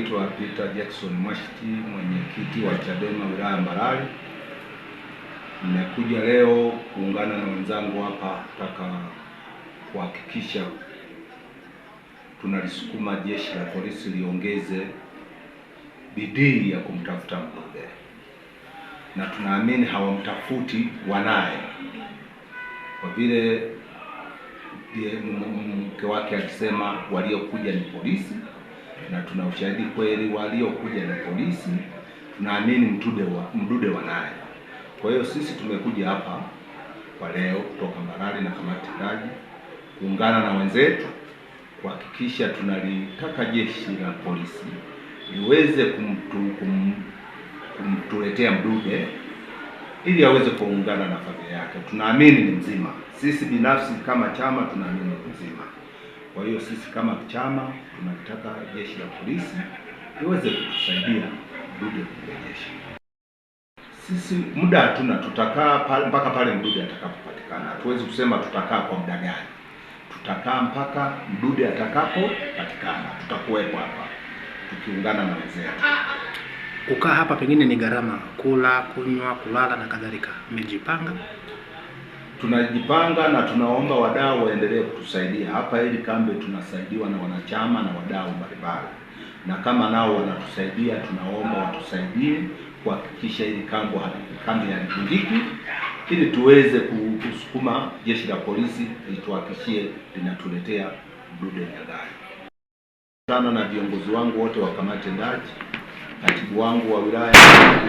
Naitwa Peter Jackson Mwashiti, mwenyekiti wa Chadema wilaya Mbarali. Nimekuja leo kuungana na wenzangu hapa kutaka kuhakikisha tunalisukuma jeshi la polisi liongeze bidii ya kumtafuta Mdude, na tunaamini hawamtafuti wanaye, kwa vile mke wake alisema waliokuja ni polisi na tuna ushahidi kweli, waliokuja ni polisi, tunaamini Mdude wa Mdude wanaye. Kwa hiyo sisi tumekuja hapa kwa leo kutoka Mbarali na kamati tendaji kuungana na wenzetu kuhakikisha tunalitaka jeshi la polisi liweze kumtu, kum, kumtuletea Mdude ili aweze kuungana na familia yake. Tunaamini ni mzima, sisi binafsi kama chama tunaamini ni mzima. Kwa hiyo sisi kama chama tunataka jeshi la polisi liweze kutusaidia Mdude kurejesha. Sisi muda hatuna, tutakaa pale mpaka pale Mdude atakapopatikana. Hatuwezi kusema tutakaa kwa muda gani, tutakaa mpaka Mdude atakapopatikana. Tutakuwepo hapa tukiungana na wenzetu. Kukaa hapa pengine ni gharama, kula, kunywa, kulala na kadhalika. Mmejipanga? tunajipanga na tunaomba wadau waendelee kutusaidia hapa. Ili kambi tunasaidiwa na wanachama na wadau mbalimbali, na kama nao wanatusaidia, tunaomba watusaidie kuhakikisha ili kambi halivundiki, ili tuweze kusukuma jeshi la polisi lituhakishie linatuletea Mdude Nyagali. Sana na viongozi wangu wote wa kamati tendaji, katibu wangu wa wilaya,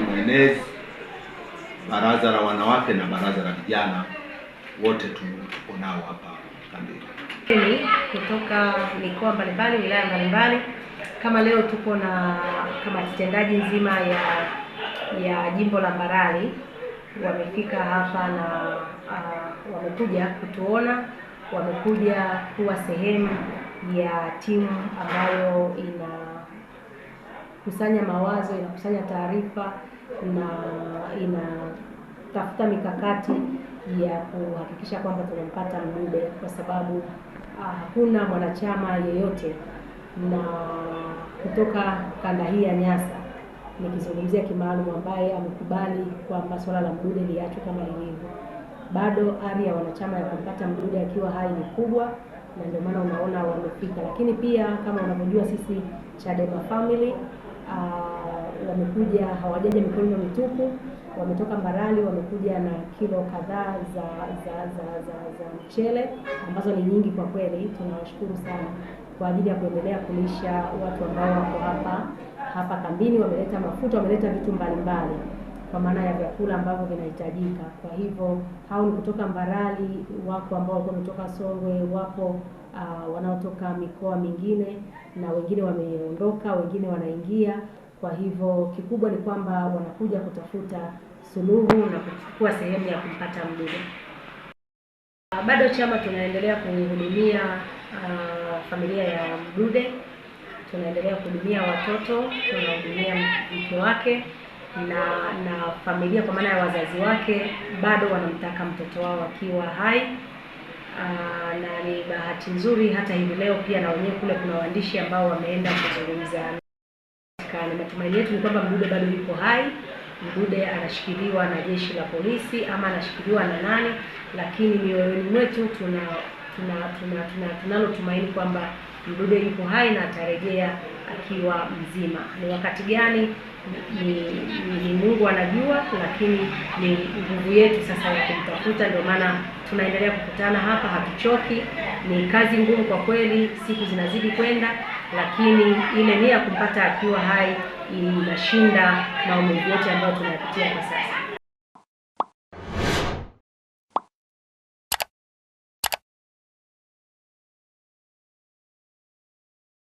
mwenezi baraza la wanawake na baraza la vijana wote tuko nao hapa kambini kutoka mikoa mbalimbali, wilaya mbalimbali. Kama leo tupo na kamati tendaji nzima ya ya jimbo la Mbarali wamefika hapa na uh, wamekuja kutuona, wamekuja kuwa sehemu ya timu ambayo inakusanya mawazo, inakusanya taarifa na inatafuta mikakati ya kuhakikisha kwamba tunampata mdude kwa sababu ah, hakuna mwanachama yeyote na kutoka kanda hii ya Nyasa nikizungumzia kimaalum, ambaye amekubali kwamba swala la Mdude liachwe kama ilivyo Bado ari ya wanachama ya kumpata Mdude akiwa hai ni kubwa, na ndio maana unaona wamefika. Lakini pia kama unavyojua sisi Chadema family ah, wamekuja, hawajaja mikono mitupu wametoka Mbarali wamekuja na kilo kadhaa za za, za za za mchele ambazo ni nyingi kwa kweli. Tunawashukuru sana kwa ajili ya kuendelea kulisha watu ambao wako hapa hapa kambini. Wameleta mafuta, wameleta vitu mbalimbali kwa maana ya vyakula ambavyo vinahitajika. Kwa hivyo hao ni kutoka Mbarali, wako ambao walikuwa wametoka Songwe, wapo uh, wanaotoka mikoa mingine na wengine wameondoka, wengine wanaingia. Kwa hivyo kikubwa ni kwamba wanakuja kutafuta suluhu na kuchukua sehemu ya kumpata mdudu. Bado chama tunaendelea kuhudumia uh, familia ya Mdude, tunaendelea kuhudumia watoto, tunahudumia mke wake na na familia kwa maana ya wazazi wake, bado wanamtaka mtoto wao akiwa hai. Uh, na ni bahati nzuri hata hivi leo pia na wenyewe kule kuna waandishi ambao wameenda kuzungumza kupatikana. Matumaini yetu ni kwamba Mdude bado yuko hai. Mdude anashikiliwa na jeshi la polisi ama anashikiliwa na nani, lakini mioyoni mwetu tuna tunalo tuna, tuna, tuna, tumaini kwamba Mdude yuko hai na atarejea akiwa mzima. Ni wakati gani ni, ni, ni Mungu anajua, lakini ni nguvu yetu sasa ya kumtafuta. Ndio maana tunaendelea kukutana hapa, hatuchoki. Ni kazi ngumu kwa kweli, siku zinazidi kwenda lakini ile nia ya kumpata akiwa hai inashinda maumivu yote ambayo tunayapitia kwa sasa.